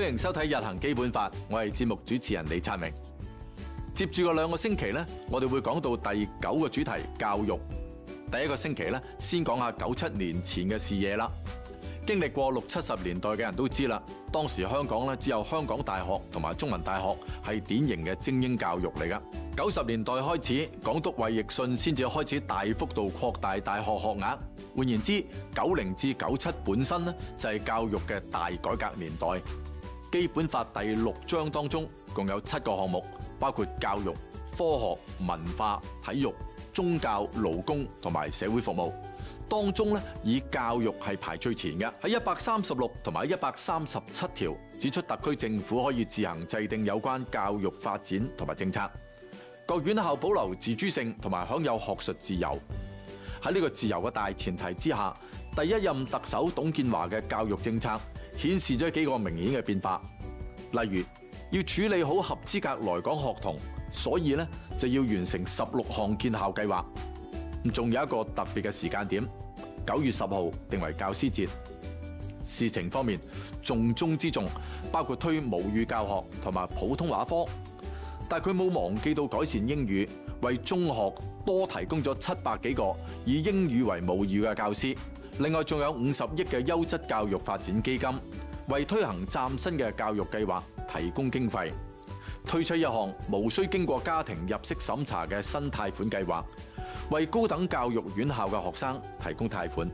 歡迎收睇《日行基本法》，我係節目主持人李察明。接住個兩個星期呢，我哋會講到第九個主題教育。第一個星期呢，先講下九七年前嘅視野啦。經歷過六七十年代嘅人都知啦，當時香港呢，只有香港大學同埋中文大學係典型嘅精英教育嚟㗎。九十年代開始，港督衛奕信先至開始大幅度擴大大學學額。換言之，九零至九七本身呢，就係教育嘅大改革年代。基本法第六章當中共有七個項目，包括教育、科學、文化、體育、宗教、勞工同埋社會服務。當中咧，以教育係排最前嘅。喺一百三十六同埋一百三十七條指出，特區政府可以自行制定有關教育發展同埋政策。各院校保留自主性同埋享有學術自由。喺呢個自由嘅大前提之下，第一任特首董建華嘅教育政策。顯示咗幾個明顯嘅變化，例如要處理好合資格來港學童，所以咧就要完成十六項建校計劃。仲有一個特別嘅時間點，九月十號定為教師節。事情方面，重中之重包括推母語教學同埋普通話科，但佢冇忘記到改善英語，為中學多提供咗七百幾個以英語為母語嘅教師。另外仲有五十億嘅優質教育發展基金，為推行嶄新嘅教育計劃提供經費；推出一項無需經過家庭入息審查嘅新貸款計劃，為高等教育院校嘅學生提供貸款。